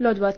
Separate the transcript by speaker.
Speaker 1: Lodwa